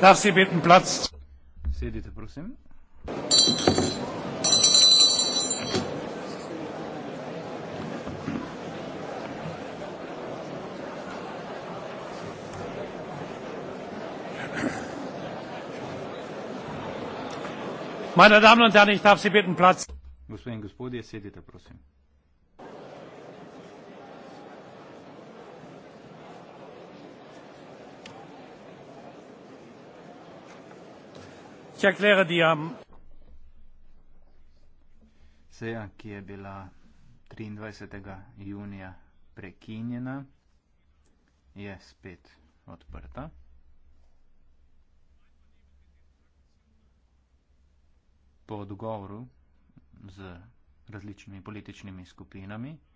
Darf Sie bitten, Platz. Sedite, prosim. Meine Damen und Herren, ich darf Sie bitten, Platz. Gospodin, gospodje, sedite, prosim. Ich erkläre dir. Seja, ki je bila 23. junija prekinjena, je spet odprta. Po odgovoru z različnimi političnimi skupinami.